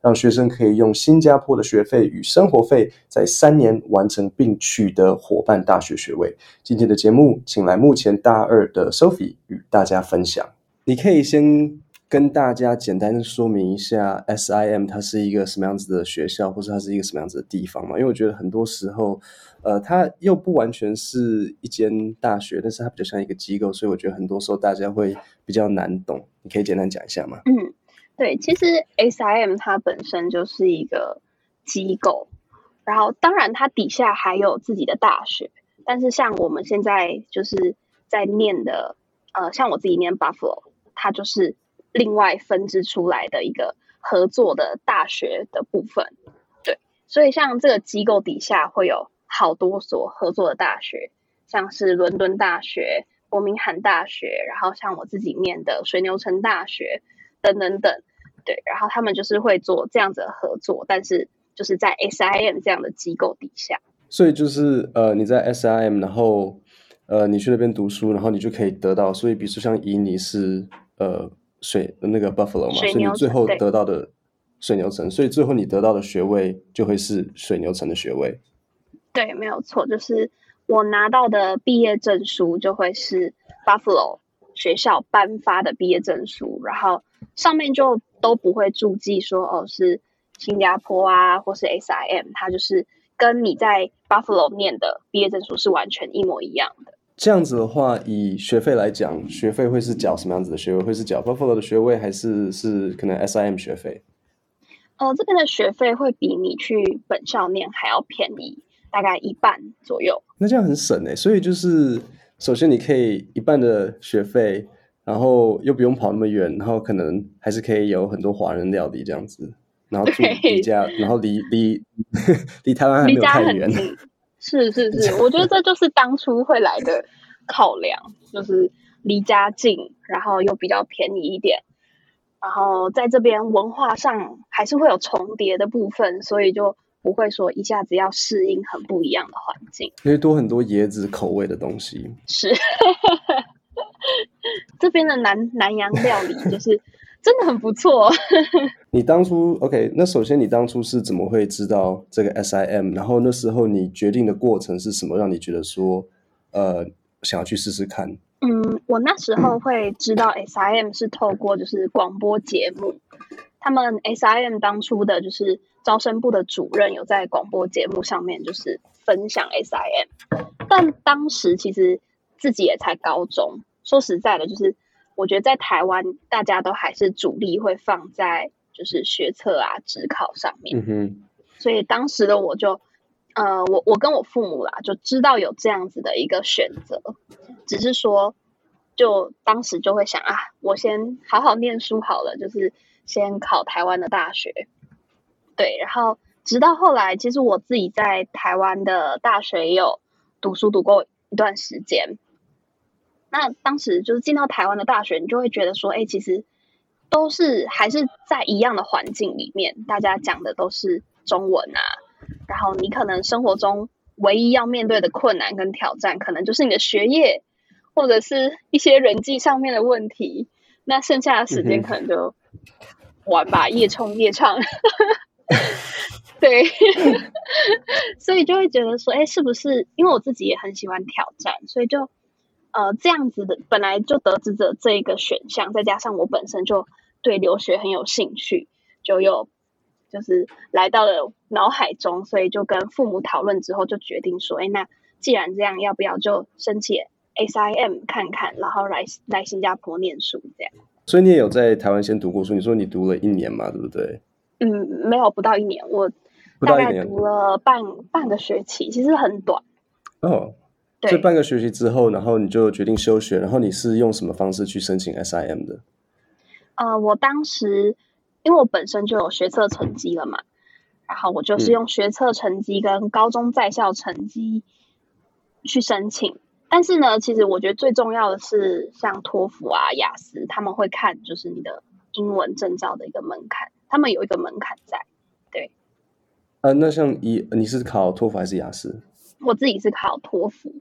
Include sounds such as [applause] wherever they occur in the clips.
讓學生可以用新加坡的學費與生活費，在三年完成並取得夥伴大學學位。今天的節目，請來目前大二的 Sophie 與大家分享。你可以先跟大家簡單說明一下 SIM，它是一個什麼樣子的學校，或者它是一個什麼樣子的地方嗎？因為我覺得很多時候，呃，它又不完全是一間大學，但是它比較像一個機構，所以我覺得很多時候大家會比較難懂。你可以簡單講一下嗎？嗯。對，其實 SIM 它本身就是一個機構，然後當然它底下還有自己的大學，但是像我們現在就是在念的，呃，像我自己念 Buffalo，它就是另外分支出來的一個合作的大學的部分。對，所以像這個機構底下會有好多所合作的大學，像是倫敦大學、伯明翰大學，然後像我自己念的水牛城大學。等等等，對，然後他們就是會做這樣子的合作，但是就是在 SIM 這樣的機構底下。所以就是呃，你在 SIM，然後呃，你去那邊讀書，然後你就可以得到。所以，比如說像以你是呃水那個 Buffalo 嘛，所以你最後得到的水牛城，所以最後你得到的學位就會是水牛城的學位。對，沒有錯，就是我拿到的畢業證書就會是 Buffalo 學校頒發的畢業證書，然後。上面就都不會註記說，哦是新加坡啊，或是 SIM，它，就是跟你在 Buffalo 唸的畢業證書是完全一模一樣的。這樣子的話，以學費來講，學費會是繳什麼樣子的學費？學費會是繳 Buffalo 的學位，還是是可能 SIM 學費？哦、呃、這邊的學費會比你去本校唸還要便宜，大概一半左右。那這樣很省哎、欸，所以就是首先你可以一半的學費。然後又不用跑那麼遠，然後可能還是可以有很多華人料理這樣子，然後離家，然後離離 [laughs] 離台灣離家很遠。是是是，我覺得這就是當初會來的考量， [laughs] 就是離家近，然後又比較便宜一點，然後在這邊文化上還是會有重疊的部分，所以就不會說一下子要適應很不一樣的環境，因為多很多椰子口味的東西是。 [laughs] 這邊的南南洋料理就是 [laughs] 真的很不錯。 [laughs] 你當初 OK？那首先你當初是怎麼會知道這個 SIM？然後那時候你決定的過程是什麼？讓你覺得說呃，想要去試試看？嗯，我那時候會知道 SIM 是透過就是廣播節目，他們 SIM 當初的就是招生部的主任有在廣播節目上面就是分享 SIM，但當時其實自己也才高中。說實在的，就是我覺得在台灣，大家都還是主力會放在就是學測啊、指考上面。嗯哼。所以當時的我就，呃，我我跟我父母啦，就知道有這樣子的一個選擇，只是說，就當時就會想啊，我先好好念書好了，就是先考台灣的大學。對，然後直到後來，其實我自己在台灣的大學也有讀書讀過一段時間。那當時就是進到台灣的大學，你就會覺得說，哎、欸，其實都是還是在一樣的環境裡面，大家講的都是中文啊。然後你可能生活中唯一要面對的困難跟挑戰，可能就是你的學業或者是一些人際上面的問題。那剩下的時間可能就玩吧，嗯、夜衝夜唱。 [laughs] [laughs] [laughs] 對， [laughs] 所以就會覺得說，哎、欸，是不是因為我自己也很喜歡挑戰，所以就。呃，這樣子的本來就得知着這個選項，再加上我本身就對留學很有興趣，就又就是來到了腦海中，所以就跟父母討論之後，就決定說，哎、欸，那既然這樣，要不要就申請 SIM 看看，然後來來新加坡念書這樣？所以你也有在台灣先讀過書，你說你讀了一年嘛，對不對？嗯，沒有，不到一年，我大概讀了半半個學期，其實很短。哦、oh.。對，這半個學期之後，然後你就決定休學，然後你是用什麼方式去申請 SIM 的？呃，我當時因為我本身就有學測成績了嘛，然後我就是用學測成績跟高中在校成績去申請。嗯，但是呢，其實我覺得最重要的是像托福啊、雅思，他們會看就是你的英文證照的一個門檻，他們有一個門檻在。對。啊，呃，那像以，你是考托福還是雅思？我自己是考托福。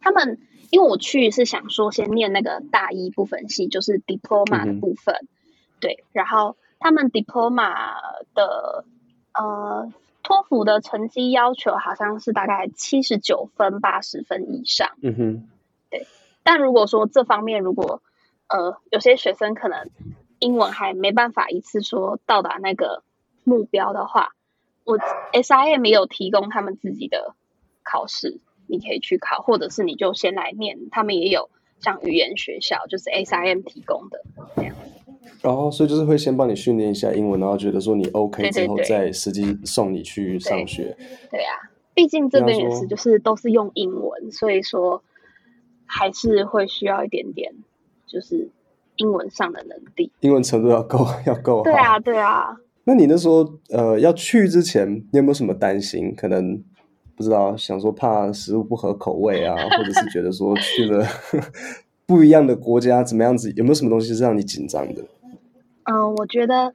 他們因為我去是想說先念那個大一部分系，就是 diploma 的部分，嗯、對，然後他們 diploma 的呃托福的成績要求好像是大概七十九分、八十分以上，嗯哼，對。但如果說這方面如果呃有些學生可能英文還沒辦法一次說到達那個目標的話，我 SIM 也有提供他們自己的考試。你可以去考，或者是你就先來念。他們也有像語言學校，就是 SIM 提供的這樣。然、哦、後，所以就是會先幫你訓練一下英文，然後覺得說你 OK 之後，再實際送你去上學。對呀，畢、啊、竟這邊也是就是都是用英文，所以說還是會需要一點點就是英文上的能力，英文程度要夠要夠。對啊，對啊。那你那時候呃要去之前，你有沒有什麼擔心？可能？不知道，想說怕食物不合口味啊，或者是覺得說去了 [laughs] [laughs] 不一樣的國家，怎麼樣子，有沒有什麼東西是讓你緊張的？嗯、呃，我覺得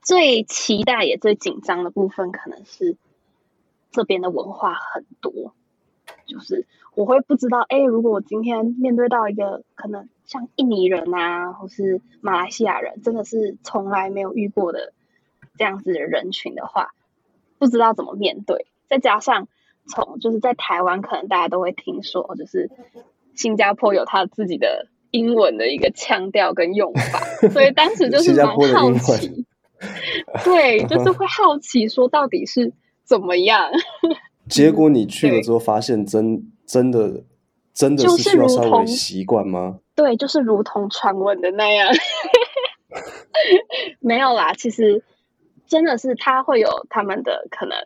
最期待也最緊張的部分，可能是這邊的文化很多，就是我會不知道，哎、欸，如果我今天面對到一個可能像印尼人啊，或是馬來西亞人，真的是從來沒有遇過的這樣子的人群的話，不知道怎麼面對，再加上。從就是在台灣，可能大家都會聽說，就是新加坡有他自己的英文的一個腔調跟用法，所以當時就是蠻好奇，對，就是會好奇說到底是怎麼樣。結果你去了之後，發現真真的真的是需要稍微習慣嗎？對，就是如同傳聞的那樣，沒有啦，其實真的是他會有他們的可能，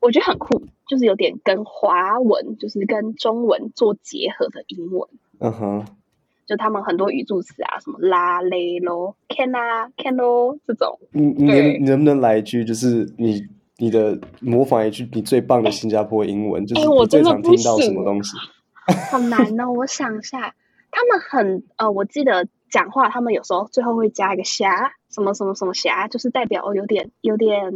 我覺得很酷。就是有點跟華文，就是跟中文做結合的英文。嗯哼，就他們很多語助詞啊，什麼啦嘞咯，can 啦 can 咯這種。你能你能不能來一句，就是你你的模仿一句你最棒的新加坡英文，欸、就是你最常聽到什麼東西？欸、好難哦，我想一下。 [laughs] 他們很呃，我記得講話，他們有時候最後會加一個蝦，什麼什麼什麼蝦，就是代表、哦、有點有點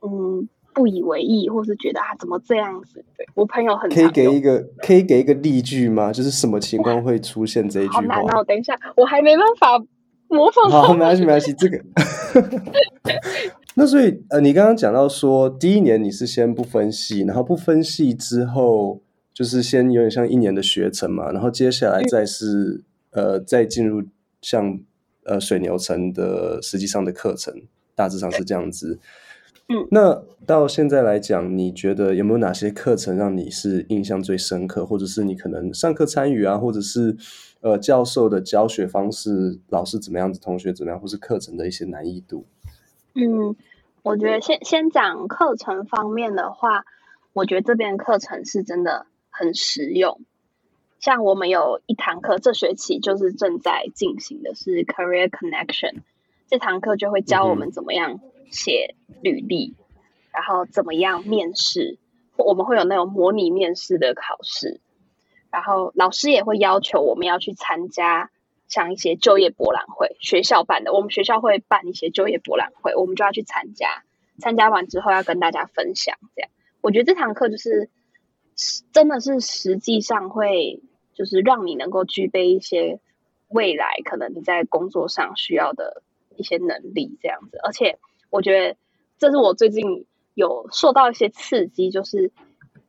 嗯。不以為意，或是覺得啊，怎麼這樣子？對，我朋友很常用。可以給一個可以給一個例句嗎？就是什麼情況會出現這一句話？好難哦！等一下，我還沒辦法模仿。好，沒關係，沒關係。這個 [laughs] [laughs] [laughs] [laughs] 那所以呃，你剛剛講到說，第一年你是先不分系，然後不分系之後，就是先有點像一年的學程嘛，然後接下來再是、嗯、呃，再進入像呃水牛城的實際上的課程，大致上是這樣子。嗯嗯，那到現在來講，你覺得有沒有哪些課程讓你是印象最深刻，或者是你可能上課參與啊，或者是呃教授的教學方式、老師怎麼樣子、同學怎麼樣，或是課程的一些難易度？嗯，我覺得先先講課程方面的話，我覺得這邊課程是真的很實用。像我們有一堂課，這學期就是正在進行的是 Career Connection，這堂課就會教我們怎麼樣。嗯。寫履歷，然後怎麼樣面試？我們會有那種模擬面試的考試，然後老師也會要求我們要去參加像一些就業博覽會，學校辦的，我們學校會辦一些就業博覽會，我們就要去參加。參加完之後要跟大家分享。這樣，我覺得這堂課就是真的是實際上會就是讓你能夠具備一些未來可能你在工作上需要的一些能力，這樣子，而且。我覺得這是我最近有受到一些刺激，就是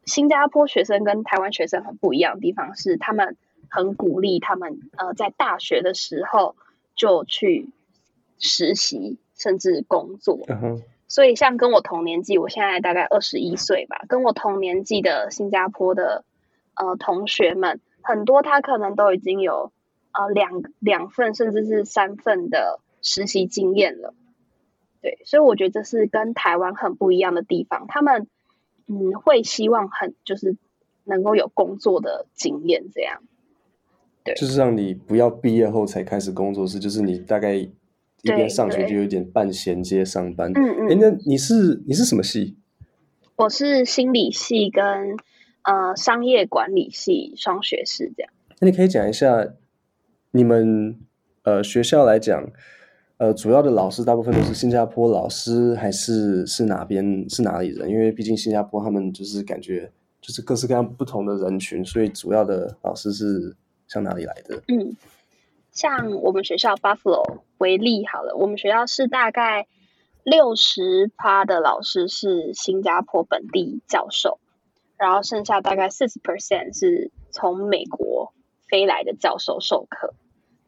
新加坡學生跟台灣學生很不一樣的地方是，他們很鼓勵他們呃在大學的時候就去實習，甚至工作。Uh-huh. 所以像跟我同年紀，我現在大概二十一歲吧，跟我同年紀的新加坡的呃同學們，很多他可能都已經有呃兩兩份甚至是三份的實習經驗了。對，所以我覺得這是跟台灣很不一樣的地方。他們嗯，會希望很就是能夠有工作的經驗，這樣。對，就是讓你不要畢業後才開始工作，是就是你大概一邊上學就有點半銜接上班。嗯嗯。人家、欸、那你是你是什麼系？我是心理系跟呃商業管理系雙學士這樣。那你可以講一下你們呃學校來講。呃，主要的老師大部分都是新加坡老師，還是是哪邊是哪裡人？因為畢竟新加坡他們就是感覺就是各式各樣不同的人群，所以主要的老師是向哪裡來的？嗯，像我們學校 Buffalo 為例，好了，我們學校是大概六十趴的老師是新加坡本地教授，然後剩下大概四十 percent 是從美國飛來的教授授課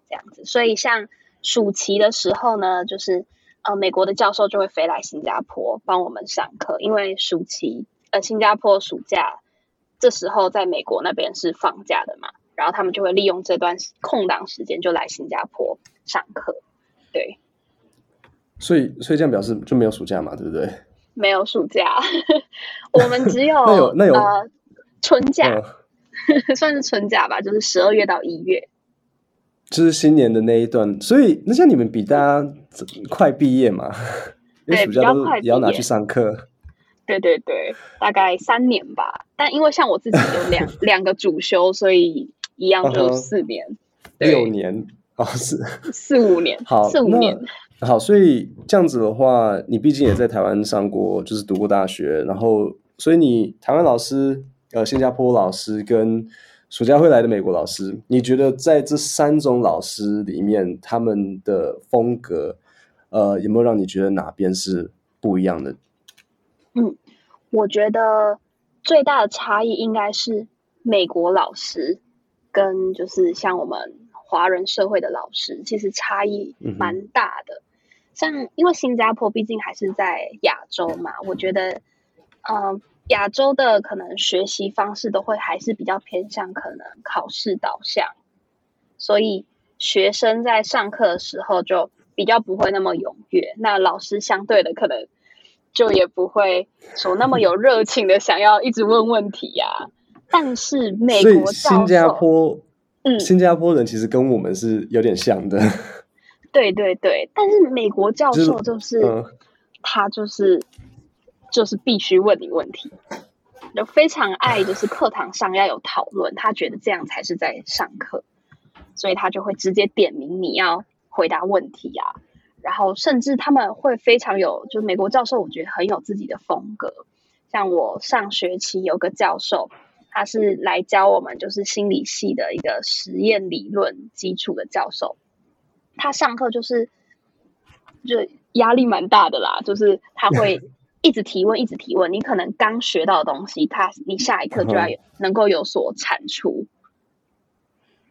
這樣子，所以像。暑期的時候呢，就是呃，美國的教授就會飛來新加坡幫我們上課，因為暑期呃，新加坡暑假這時候在美國那邊是放假的嘛，然後他們就會利用這段空檔時間就來新加坡上課。對，所以所以這樣表示就沒有暑假嘛，對不對？沒有暑假， [laughs] 我們只有 [laughs] 那有那有呃春假， [laughs] 算是春假吧，就是十二月到一月。就是新年的那一段，所以那像你們比大家快畢業嘛？對， [laughs] 比較快，也要拿去上課。對對對，大概三年吧。但因為像我自己有兩兩個主修，所以一樣就四年、uh-huh, 六年啊，四四五年，好四五年。好，所以這樣子的話，你畢竟也在台灣上過，就是讀過大學，然後所以你台灣老師、呃，新加坡老師跟。暑假會來的美國老師，你覺得在這三種老師裡面，他們的風格，呃，有沒有讓你覺得哪邊是不一樣的？嗯，我覺得最大的差異應該是美國老師跟就是像我們華人社會的老師，其實差異蠻大的。嗯、像因為新加坡畢竟還是在亞洲嘛，我覺得，嗯、呃。亞洲的可能學習方式都會還是比較偏向可能考試導向，所以學生在上課的時候就比較不會那麼踴躍。那老師相對的可能就也不會說那麼有熱情的想要一直問問題呀、啊。但是美國，新加坡，嗯，新加坡人其實跟我們是有點像的。對對對，但是美國教授就是就、嗯、他就是。就是必須問你問題，就非常愛就是課堂上要有討論，他覺得這樣才是在上課，所以他就會直接點名你要回答問題啊，然後甚至他們會非常有，就是美國教授我覺得很有自己的風格。像我上學期有個教授，他是來教我們就是心理系的一個實驗理論基礎的教授，他上課就是就壓力蠻大的啦，就是他會。一直提問，一直提問。你可能剛學到的東西，他你下一刻就要有、uh -huh. 能夠有所產出。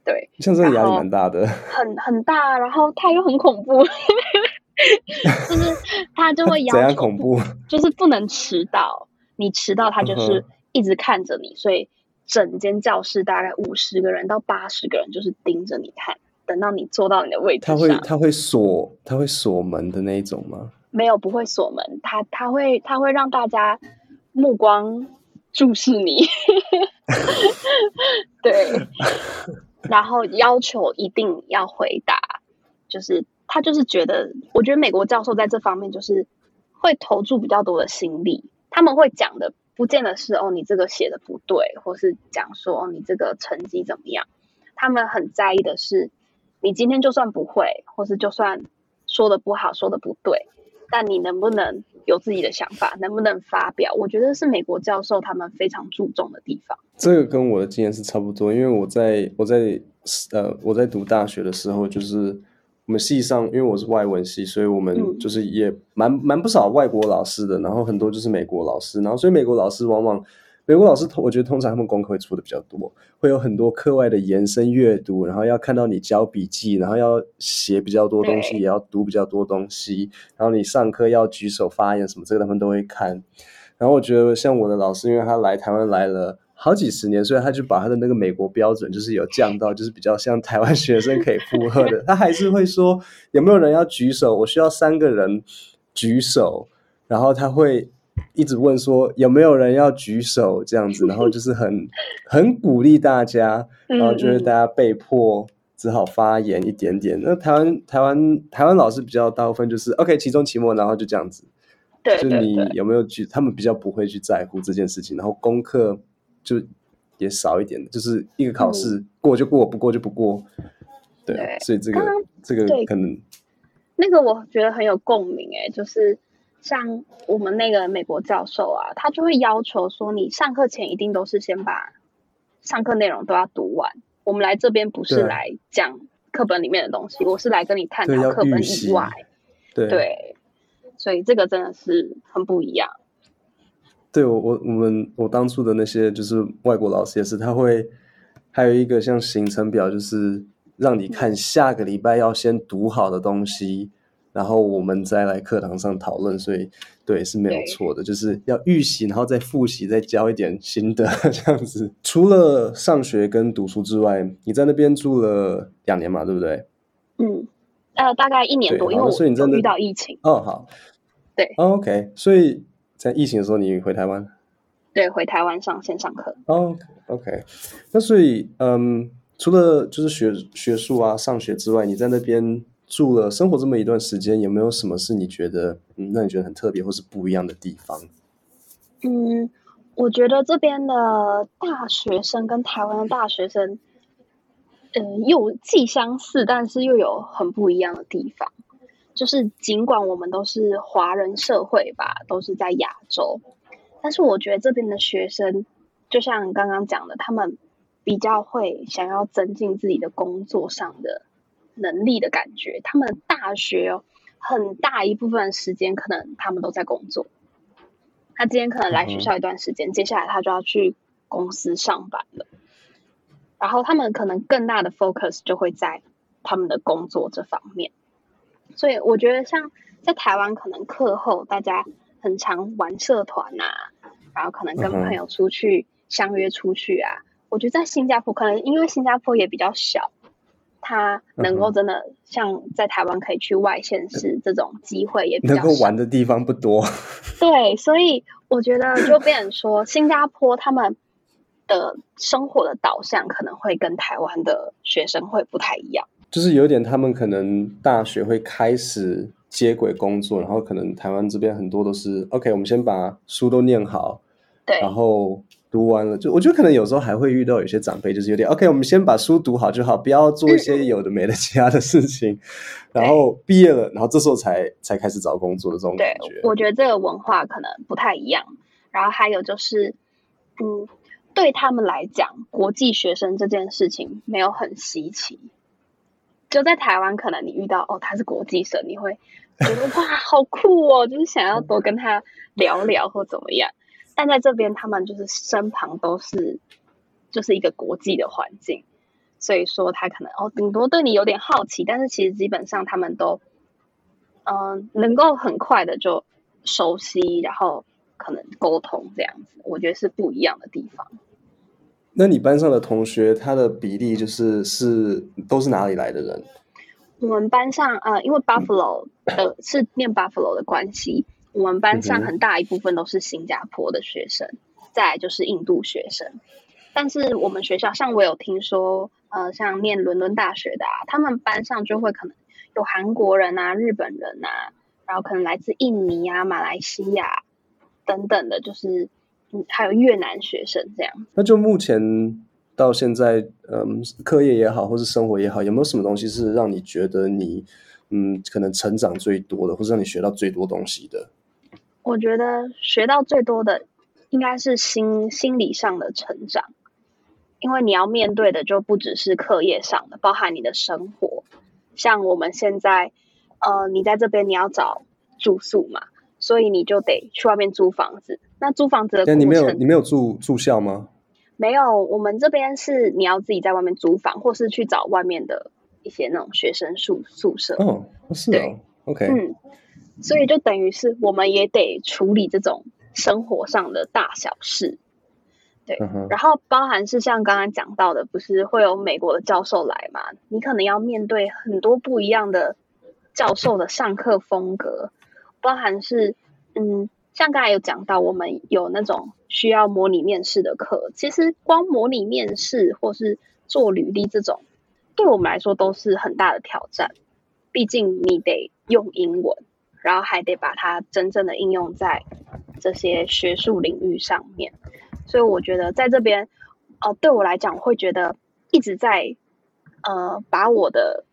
對，像這個壓力蠻大的，很很大，然後他又很恐怖， [laughs] 就是他就會 [laughs] 怎樣恐怖？就是不能遲到，你遲到他就是一直看着你，uh -huh. 所以整間教室大概五十個人到八十個人就是盯着你看，等到你坐到你的位置，他會他會鎖，他會鎖門的那一種嗎？沒有，不會鎖門，他他會他會讓大家目光注視你， [laughs] 對，然後要求一定要回答，就是他就是覺得，我覺得美國教授在這方面就是會投注比較多的心力，他們會講的不見得是哦，你這個寫的不對，或是講說，哦，你這個成績怎麼樣，他們很在意的是你今天就算不會，或是就算說的不好，說的不對。但你能不能有自己的想法，能不能發表？我覺得是美國教授，他們非常注重的地方。這個跟我的經驗是差不多，因為我在我在呃我在讀大學的時候，就是我們系上，因為我是外文系，所以我們就是也蠻蠻、嗯、不少外國老師的，然後很多就是美國老師，然後所以美國老師往往。美國老師，我覺得通常他們功課會出的比較多，會有很多課外的延伸閱讀，然後要看到你交筆記，然後要寫比較多東西，也要讀比較多東西，然後你上課要舉手發言什麼，這個他們都會看。然後我覺得像我的老師，因為他來台灣來了好幾十年，所以他就把他的那個美國標準就是有降到，就是比較像台灣學生可以附和的，他還是會說有沒有人要舉手，我需要三個人舉手，然後他會。一直問說有沒有人要舉手這樣子，然後就是很很鼓勵大家， [laughs] 然後就是大家被迫只好發言一點點。那、嗯、台灣台灣台灣老師比較大部分就是 OK 期中期末，然後就這樣子。對，對，對，就你有沒有舉？他們比較不會去在乎這件事情，然後功課就也少一點，就是一個考試、嗯、過就過，不過就不過。對，對所以這個剛剛這個可能那個我覺得很有共鳴哎、欸，就是。像我們那個美國教授啊，他就會要求說，你上課前一定都是先把上課內容都要讀完。我們來這邊不是來講課本裡面的東西，我是來跟你探討課本以外。對，對。對，所以這個真的是很不一樣。對我，我我們我當初的那些就是外國老師也是，他會還有一個像行程表，就是讓你看下個禮拜要先讀好的東西。然後我們再來課堂上討論，所以對是沒有錯的，就是要預習，然後再複習，再教一點新的這樣子。除了上學跟讀書之外，你在那邊住了兩年嘛，對不對？嗯，呃，大概一年多以後，因為、啊、我所以你在那邊遇到疫情哦，好，對、哦、，OK，所以在疫情的時候你回台灣，對，回台灣上線上課。哦、OK，OK，、okay、那所以嗯，除了就是學學術啊、上學之外，你在那邊，住了生活這麼一段時間，有沒有什麼事你覺得嗯，讓你覺得很特別或是不一樣的地方？嗯，我覺得這邊的大學生跟台灣的大學生，嗯、呃，又既相似，但是又有很不一樣的地方。就是儘管我們都是華人社會吧，都是在亞洲，但是我覺得這邊的學生，就像剛剛講的，他們比較會想要增進自己的工作上的。能力的感覺，他們大學哦，很大一部分時間可能他們都在工作。他今天可能來學校一段時間，嗯，接下來他就要去公司上班了。然後他們可能更大的 focus 就會在他們的工作這方面。所以我覺得，像在台灣，可能課後大家很常玩社團啊，然後可能跟朋友出去相約出去啊，嗯。我覺得在新加坡，可能因為新加坡也比較小。他能夠真的像在台灣可以去外縣市這種機會，也比較能夠玩的地方不多 [laughs] 。對，所以我覺得就變成說，新加坡他們的生活的導向可能會跟台灣的學生會不太一樣，就是有點他們可能大學會開始接軌工作，然後可能台灣這邊很多都是 OK，我們先把書都念好，對，然後。讀完了，就我覺得可能有時候還會遇到有些長輩，就是有點 OK，我們先把書讀好就好，不要做一些有的沒的其他的事情，嗯。然後畢業了，然後這時候才才開始找工作的這種感覺。對，我覺得這個文化可能不太一樣。然後還有就是，嗯，對他們來講，國際學生這件事情沒有很稀奇。就在台灣，可能你遇到哦，他是國際生，你會覺得哇，好酷哦，就是想要多跟他聊聊或怎麼樣。 [laughs] 但在這邊，他們就是身旁都是，就是一個國際的環境，所以說他可能哦，頂多對你有點好奇，但是其實基本上他們都，嗯、呃，能夠很快的就熟悉，然後可能溝通這樣子，我覺得是不一樣的地方。那你班上的同學，他的比例就是是都是哪裡來的人？我們班上呃，因為 Buffalo 的是念 Buffalo 的關係。我們班上很大一部分都是新加坡的學生，再就是印度學生。但是我們學校，像我有聽說，呃，像念倫敦大學的啊，他們班上就會可能有韓國人啊、日本人啊，然後可能來自印尼啊、馬來西亞等等的，就是嗯，還有越南學生這樣。那就目前到現在，嗯、呃，課業也好，或是生活也好，有沒有什麼東西是讓你覺得你嗯，可能成長最多的，或是讓你學到最多東西的？我覺得學到最多的應該是心心理上的成長，因為你要面對的就不只是課業上的，包含你的生活。像我們現在，呃，你在這邊你要找住宿嘛，所以你就得去外面租房子。那租房子的，你沒有你沒有住住校嗎？沒有，我們這邊是你要自己在外面租房，或是去找外面的一些那種學生宿宿舍。嗯，哦，是的，哦，OK，嗯。所以就等於是我們也得處理這種生活上的大小事，對。然後包含是像剛剛講到的，不是會有美國的教授來嘛？你可能要面對很多不一樣的教授的上課風格，包含是嗯，像剛才有講到，我們有那種需要模擬面試的課。其實光模擬面試或是做履歷這種，對我們來說都是很大的挑戰，畢竟你得用英文。然後還得把它真正的應用在這些學術領域上面，所以我覺得在這邊，哦、呃，對我來講，會覺得一直在呃把我的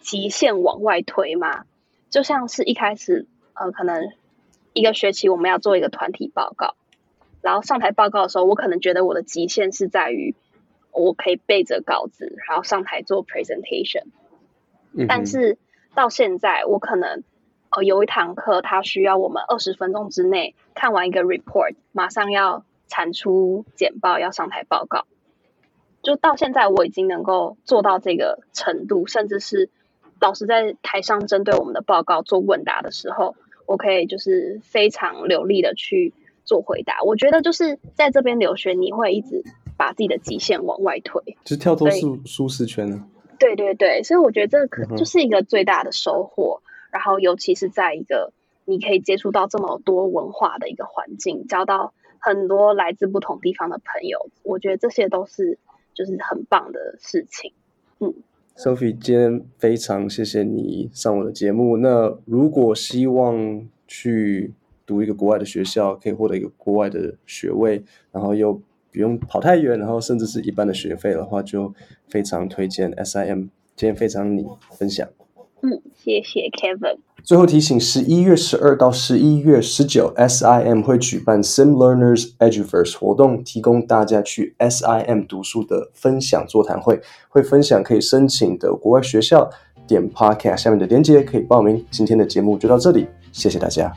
極限往外推嘛，就像是一開始呃，可能一個學期我們要做一個團體報告，然後上台報告的時候，我可能覺得我的極限是在於我可以背着稿子，然後上台做 presentation，嗯、但是到現在我可能。有一堂課，他需要我們二十分鐘之內看完一個 report，馬上要產出簡報，要上台報告。就到現在，我已經能夠做到這個程度，甚至是老師在台上針對我們的報告做問答的時候，我可以就是非常流利的去做回答。我覺得就是在這邊留學，你會一直把自己的極限往外推，就是跳脫舒適圈呢、啊。對對對，所以我覺得這可能就是一個最大的收穫。然後，尤其是在一個你可以接觸到這麼多文化的一個環境，交到很多來自不同地方的朋友，我覺得這些都是就是很棒的事情。嗯，Sophie，今天非常謝謝你上我的節目。那如果希望去讀一個國外的學校，可以獲得一個國外的學位，然後又不用跑太遠，然後甚至是一般的學費的話，就非常推薦 SIM。今天非常你分享。嗯，謝謝 Kevin。最後提醒：十一月十二到十一月十九，SIM 會舉辦 SIM Learners Eduverse 活動，提供大家去 SIM 讀書的分享座談會，會分享可以申請的國外學校。點 Podcast 下面的鏈接可以報名。今天的節目就到這裡，謝謝大家。